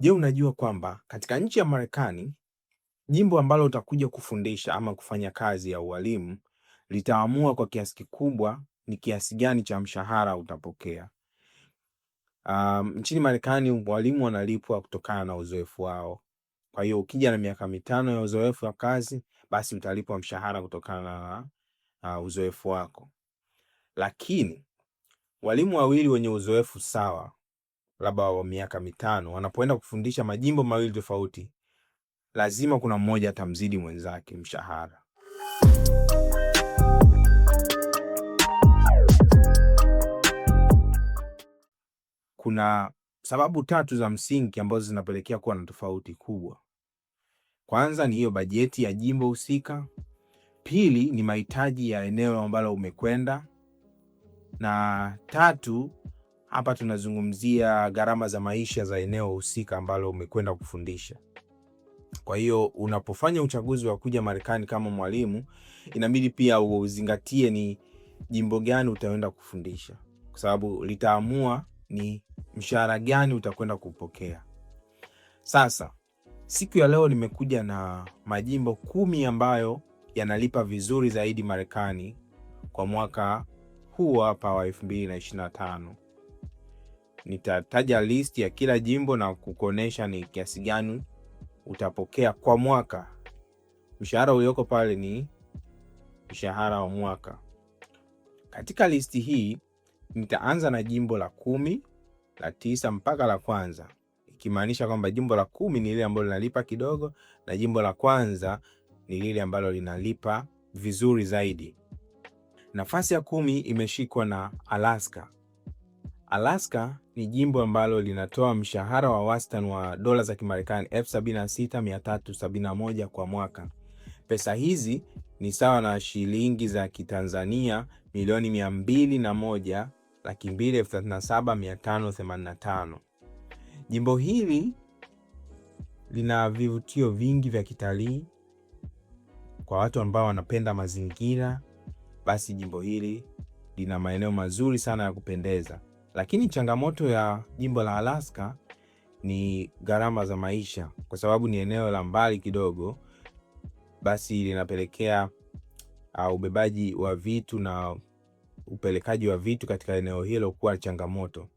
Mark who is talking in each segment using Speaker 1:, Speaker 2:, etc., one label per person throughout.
Speaker 1: Je, unajua kwamba katika nchi ya Marekani jimbo ambalo utakuja kufundisha ama kufanya kazi ya ualimu litaamua kwa kiasi kikubwa ni kiasi gani cha mshahara utapokea. Um, nchini Marekani walimu wanalipwa kutokana na uzoefu wao. Kwa hiyo ukija na miaka mitano ya uzoefu wa kazi, basi utalipwa mshahara kutokana na uh, uzoefu wako. Lakini walimu wawili wenye uzoefu sawa labda wa miaka mitano, wanapoenda kufundisha majimbo mawili tofauti, lazima kuna mmoja atamzidi mwenzake mshahara. Kuna sababu tatu za msingi ambazo zinapelekea kuwa na tofauti kubwa. Kwanza ni hiyo bajeti ya jimbo husika, pili ni mahitaji ya eneo ambalo umekwenda, na tatu hapa tunazungumzia gharama za maisha za eneo husika ambalo umekwenda kufundisha. Kwa hiyo unapofanya uchaguzi wa kuja Marekani kama mwalimu, inabidi pia uzingatie ni jimbo gani utaenda kufundisha, kwa sababu litaamua ni mshahara gani utakwenda kupokea. Sasa siku ya leo nimekuja na majimbo kumi ambayo yanalipa vizuri zaidi Marekani kwa mwaka huu hapa wa elfu mbili na na tano nitataja list ya kila jimbo na kukuonyesha ni kiasi gani utapokea kwa mwaka. Mshahara ulioko pale ni mshahara wa mwaka. Katika listi hii nitaanza na jimbo la kumi, la tisa mpaka la kwanza, ikimaanisha kwamba jimbo la kumi ni lile ambalo linalipa kidogo na jimbo la kwanza ni lile ambalo linalipa vizuri zaidi. Nafasi ya kumi imeshikwa na Alaska. Alaska ni jimbo ambalo linatoa mshahara wa wastani wa dola za Kimarekani 76371 kwa mwaka. Pesa hizi ni sawa na shilingi za Kitanzania milioni 201 Jimbo hili lina vivutio vingi vya kitalii. Kwa watu ambao wanapenda mazingira, basi jimbo hili lina maeneo mazuri sana ya kupendeza. Lakini changamoto ya jimbo la Alaska ni gharama za maisha, kwa sababu ni eneo la mbali kidogo, basi linapelekea uh, ubebaji wa vitu na upelekaji wa vitu katika eneo hilo kuwa changamoto.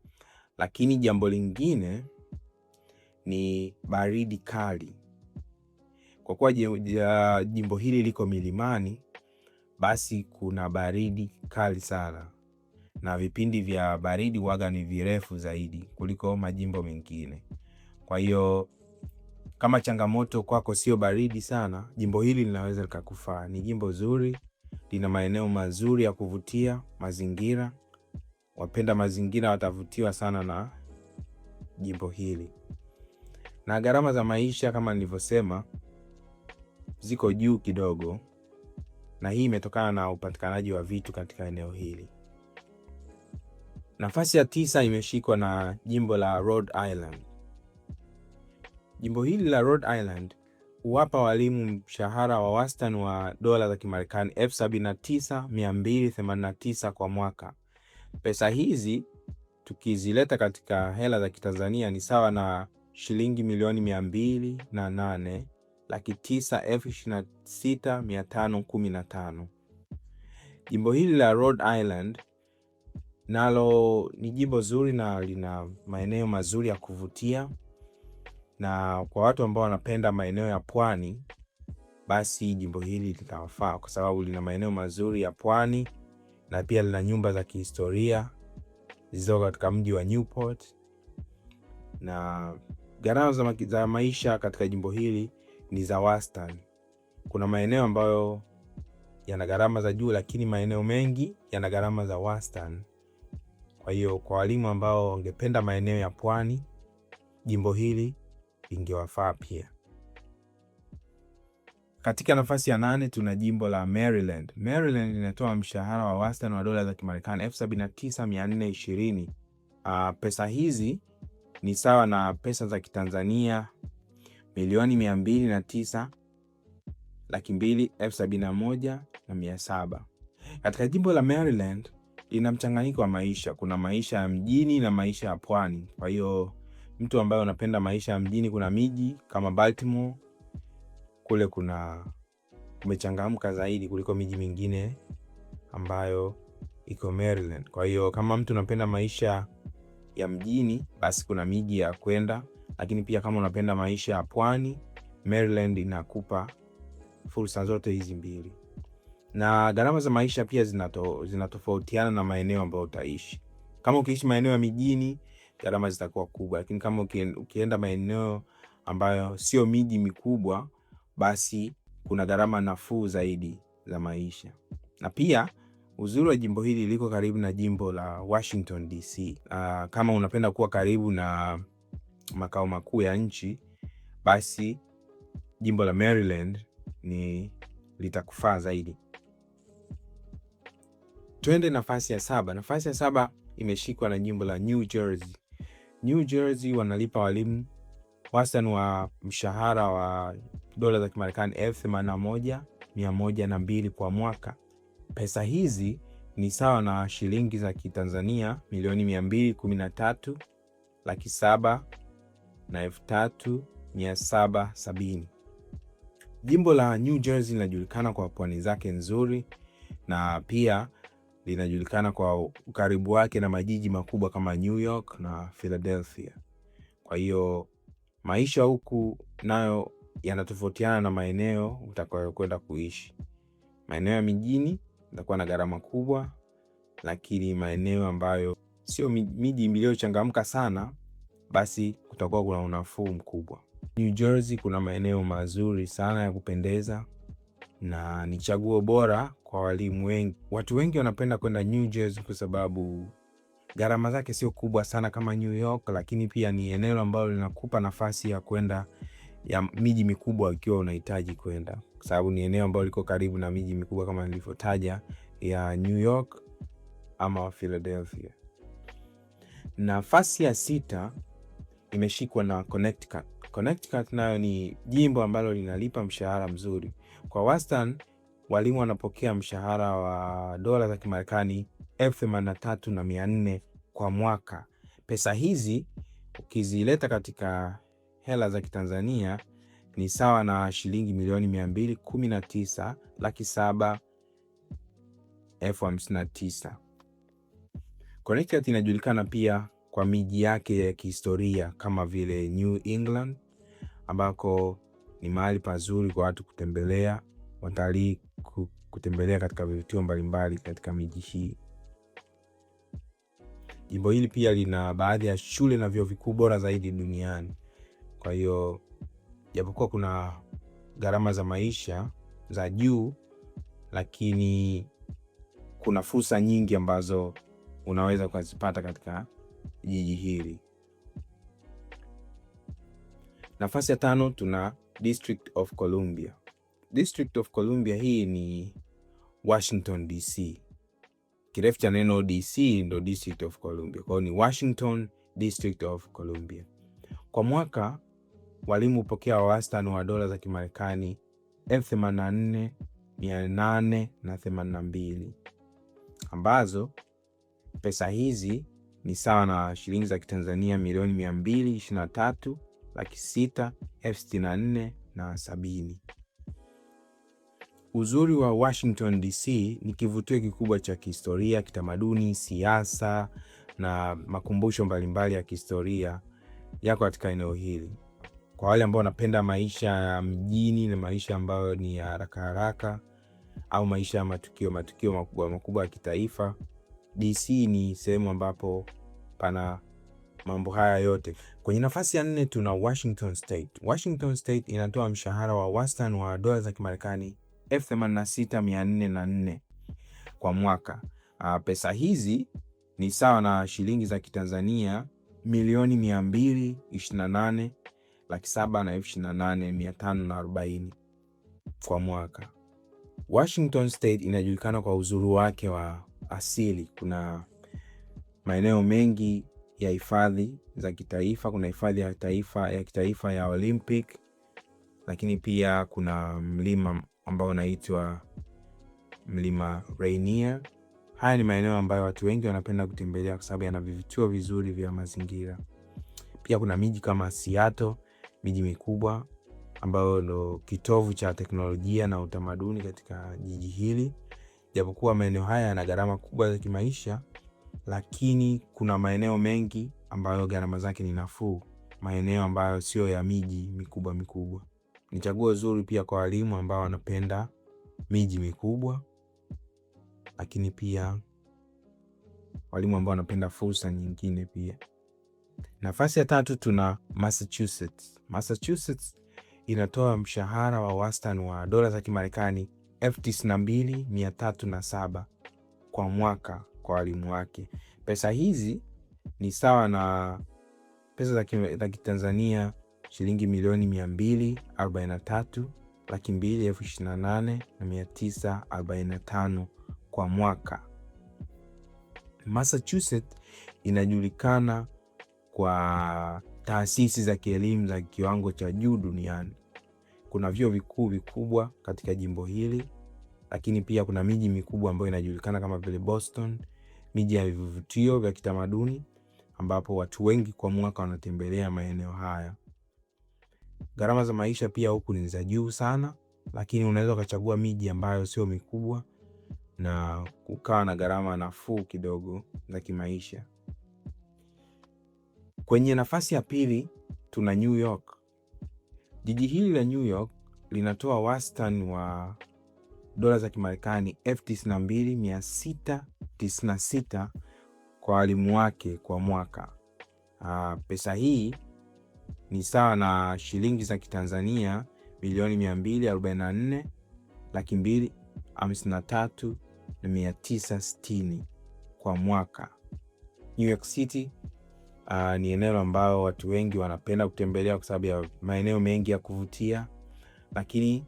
Speaker 1: Lakini jambo lingine ni baridi kali. Kwa kuwa jimbo hili liko milimani, basi kuna baridi kali sana na vipindi vya baridi waga ni virefu zaidi kuliko majimbo mengine. Kwa hiyo kama changamoto kwako sio baridi sana, jimbo hili linaweza likakufaa. Ni jimbo zuri, lina maeneo mazuri ya kuvutia, mazingira. Wapenda mazingira watavutiwa sana na jimbo hili, na gharama za maisha kama nilivyosema ziko juu kidogo, na hii imetokana na upatikanaji wa vitu katika eneo hili. Nafasi ya tisa imeshikwa na jimbo la Rhode Island. Jimbo hili la Rhode Island huwapa walimu mshahara wa wastani wa dola za Kimarekani 79289 kwa mwaka. Pesa hizi tukizileta katika hela za Kitanzania ni sawa na shilingi milioni 208 laki tisa elfu tano. Jimbo hili la Rhode Island nalo ni jimbo zuri na lina maeneo mazuri ya kuvutia, na kwa watu ambao wanapenda maeneo ya pwani, basi jimbo hili litawafaa kwa sababu lina maeneo mazuri ya pwani na pia lina nyumba za kihistoria zilizoko katika mji wa Newport, na gharama za, za maisha katika jimbo hili ni za wastani. Kuna maeneo ambayo yana gharama za juu, lakini maeneo mengi yana gharama za wastani. Kwa hiyo kwa walimu ambao wangependa maeneo ya pwani, jimbo hili lingewafaa pia. Katika nafasi ya nane tuna jimbo la Maryland. Maryland inatoa mshahara wa wastani wa dola za Kimarekani elfu Uh, pesa hizi ni sawa na pesa za Kitanzania milioni mia laki mbili elfu sabini na moja na mia saba. Katika jimbo la Maryland ina mchanganyiko wa maisha. Kuna maisha ya mjini na maisha ya pwani. Kwa hiyo mtu ambaye unapenda maisha ya mjini, kuna miji kama Baltimore kule kuna kumechangamka zaidi kuliko miji mingine ambayo iko Maryland. Kwa hiyo kama mtu unapenda maisha ya mjini, basi kuna miji ya kwenda, lakini pia kama unapenda maisha ya pwani, Maryland inakupa fursa zote hizi mbili na gharama za maisha pia zinato, zinatofautiana na maeneo ambayo utaishi. Kama ukiishi maeneo ya mijini gharama zitakuwa kubwa, lakini kama ukienda maeneo ambayo sio miji mikubwa, basi kuna gharama nafuu zaidi za maisha. Na pia uzuri wa jimbo hili liko karibu na jimbo la Washington DC. Uh, kama unapenda kuwa karibu na makao makuu ya nchi, basi jimbo la Maryland ni litakufaa zaidi. Twende nafasi ya saba. Nafasi ya saba imeshikwa na jimbo la New Jersey. New Jersey wanalipa walimu wastani wa mshahara wa dola za Kimarekani elfu themanini na moja mia moja na mbili kwa mwaka. Pesa hizi ni sawa na shilingi za Kitanzania milioni mia mbili kumi na tatu laki saba na elfu tatu mia saba sabini. Jimbo la New Jersey linajulikana kwa pwani zake nzuri na pia linajulikana kwa ukaribu wake na majiji makubwa kama New York na Philadelphia. Kwa hiyo maisha huku nayo yanatofautiana na maeneo utakayokwenda kuishi. Maeneo ya mijini itakuwa na gharama kubwa, lakini maeneo ambayo sio miji iliyochangamka sana, basi kutakuwa kuna unafuu mkubwa. New Jersey kuna maeneo mazuri sana ya kupendeza na ni chaguo bora kwa walimu wengi. Watu wengi wanapenda kwenda New Jersey kwa sababu gharama zake sio kubwa sana kama New York, lakini pia ni eneo ambalo linakupa nafasi ya kwenda ya miji mikubwa ikiwa unahitaji kwenda, kwa sababu ni eneo ambalo liko karibu na miji mikubwa kama nilivyotaja ya New York ama Philadelphia. Nafasi ya sita imeshikwa na Connecticut. Connecticut nayo ni jimbo ambalo linalipa mshahara mzuri. Kwa wastani walimu wanapokea mshahara wa dola za Kimarekani elfu themanini na tatu na mia nne kwa mwaka. Pesa hizi ukizileta katika hela za Kitanzania ni sawa na shilingi milioni mia mbili kumi na tisa laki saba elfu hamsini na tisa. Connecticut inajulikana pia kwa miji yake ya kihistoria kama vile New England ambako ni mahali pazuri kwa watu kutembelea, watalii kutembelea katika vivutio mbalimbali katika miji hii. Jimbo hili pia lina baadhi ya shule na vyuo vikuu bora zaidi duniani. Kwa hiyo japokuwa kuna gharama za maisha za juu, lakini kuna fursa nyingi ambazo unaweza ukazipata katika jiji hili. Nafasi ya tano tuna District of Columbia. District of Columbia hii ni Washington DC. Kirefu cha neno DC ndo District of Columbia, kwa hiyo ni Washington District of Columbia. Kwa mwaka walimu hupokea wastani wa dola za Kimarekani 84882 ambazo pesa hizi ni sawa na shilingi za Kitanzania milioni mia mbili ishirini na tatu laki sita elfu sitini na nne na sabini. Uzuri wa Washington DC ni kivutio kikubwa cha kihistoria, kitamaduni, siasa na makumbusho mbalimbali ya kihistoria yako katika eneo hili. Kwa wale ambao wanapenda maisha ya mjini na maisha ambayo ni ya haraka haraka au maisha ya matukio matukio makubwa makubwa ya kitaifa DC ni sehemu ambapo pana mambo haya yote. Kwenye nafasi ya nne tuna Washington State. Washington State inatoa mshahara wa wastani wa dola za Kimarekani 86404 kwa mwaka. A, ah, pesa hizi ni sawa na shilingi za Kitanzania milioni 228 laki 7 na elfu kwa mwaka. Washington State inajulikana kwa uzuri wake wa asili. Kuna maeneo mengi ya hifadhi za kitaifa, kuna hifadhi ya taifa ya kitaifa ya Olympic, lakini pia kuna mlima ambao unaitwa mlima Rainier. Haya ni maeneo ambayo watu wengi wanapenda kutembelea kwa sababu yana vivutio vizuri vya mazingira. Pia kuna miji kama Seattle, miji mikubwa ambayo ndo kitovu cha teknolojia na utamaduni katika jiji hili japokuwa maeneo haya yana gharama kubwa za kimaisha, lakini kuna maeneo mengi ambayo gharama zake ni nafuu, maeneo ambayo sio ya miji mikubwa mikubwa. Ni chaguo zuri pia kwa walimu ambao wanapenda miji mikubwa, lakini pia walimu ambao wanapenda fursa nyingine pia. Nafasi ya tatu tuna Massachusetts. Massachusetts inatoa mshahara wa wastani wa dola za Kimarekani elfu kwa mwaka kwa walimu wake. Pesa hizi ni sawa na pesa za Kitanzania shilingi milioni mia mbili tatu laki mbili elfu ishirini na nane na mia tisa tano kwa mwaka. Massachusetts inajulikana kwa taasisi za kielimu za kiwango cha juu duniani kuna vyuo vikuu vikubwa katika jimbo hili, lakini pia kuna miji mikubwa ambayo inajulikana kama vile Boston, miji ya vivutio vya kitamaduni ambapo watu wengi kwa mwaka wanatembelea maeneo haya. Gharama za maisha pia huku ni za juu sana, lakini unaweza ukachagua miji ambayo sio mikubwa na kukawa na gharama nafuu kidogo za kimaisha. Kwenye nafasi ya pili tuna New York Jiji hili la New York linatoa wastani wa dola za Kimarekani 92696 kwa walimu wake kwa mwaka. Aa, ah, pesa hii ni sawa na shilingi za Kitanzania milioni 244 laki mbili na tatu na mia tisa kwa mwaka. New York City Uh, ni eneo ambayo watu wengi wanapenda kutembelea kwa sababu ya maeneo mengi ya kuvutia, lakini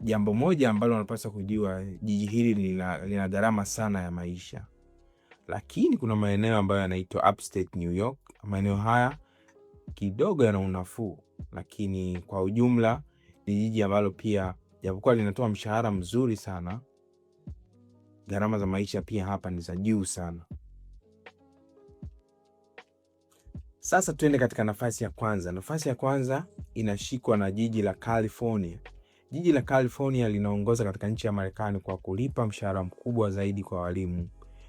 Speaker 1: jambo moja ambalo wanapaswa kujua, jiji hili lina, lina gharama sana ya maisha, lakini kuna maeneo ambayo yanaitwa upstate New York. Maeneo haya kidogo yana unafuu, lakini kwa ujumla ni jiji ambalo pia japokuwa linatoa mshahara mzuri sana, gharama za maisha pia hapa ni za juu sana. Sasa tuende katika nafasi ya kwanza. Nafasi ya kwanza inashikwa na jiji la California. Jiji la California linaongoza katika nchi ya Marekani kwa kulipa mshahara mkubwa zaidi kwa walimu.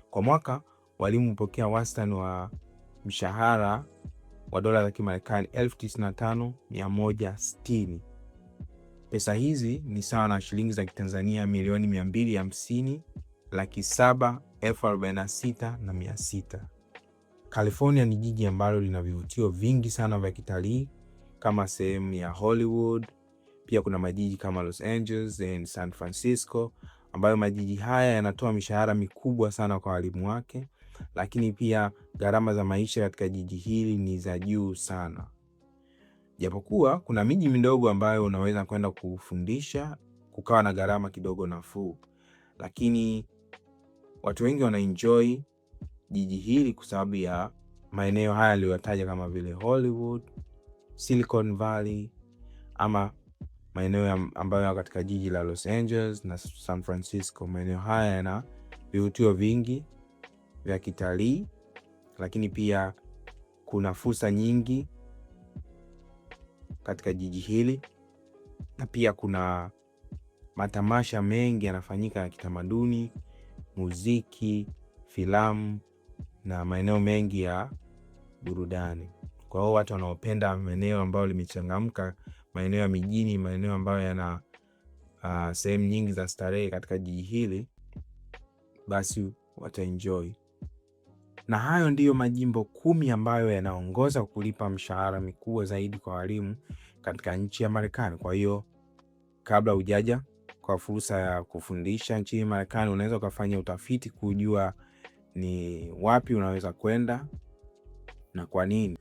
Speaker 1: Kwa mwaka walimu hupokea wastani wa mshahara wa dola za Kimarekani 95160. Pesa hizi ni sawa na shilingi za Kitanzania milioni 250 laki 7 elfu arobaini na sita na mia sita. California ni jiji ambalo lina vivutio vingi sana vya kitalii kama sehemu ya Hollywood. Pia kuna majiji kama Los Angeles and San Francisco ambayo majiji haya yanatoa mishahara mikubwa sana kwa walimu wake, lakini pia gharama za maisha katika jiji hili ni za juu sana. Japokuwa kuna miji midogo ambayo unaweza kwenda kufundisha kukawa na gharama kidogo nafuu, lakini watu wengi wanaenjoy jiji hili kwa sababu ya maeneo haya aliyoyataja kama vile Hollywood, Silicon Valley ama maeneo ambayo yako katika jiji la Los Angeles na San Francisco. Maeneo haya yana vivutio vingi vya kitalii, lakini pia kuna fursa nyingi katika jiji hili, na pia kuna matamasha mengi yanafanyika ya kitamaduni, muziki, filamu na maeneo mengi ya burudani. Kwa hiyo watu wanaopenda maeneo ambayo limechangamka, maeneo ya mijini, maeneo ambayo yana uh, sehemu nyingi za starehe katika jiji hili, basi wataenjoy. Na hayo ndiyo majimbo kumi ambayo yanaongoza kulipa mshahara mikubwa zaidi kwa walimu katika nchi ya Marekani. Kwa hiyo kabla hujaja kwa fursa ya kufundisha nchini Marekani, unaweza ukafanya utafiti kujua ni wapi unaweza kwenda na kwa nini.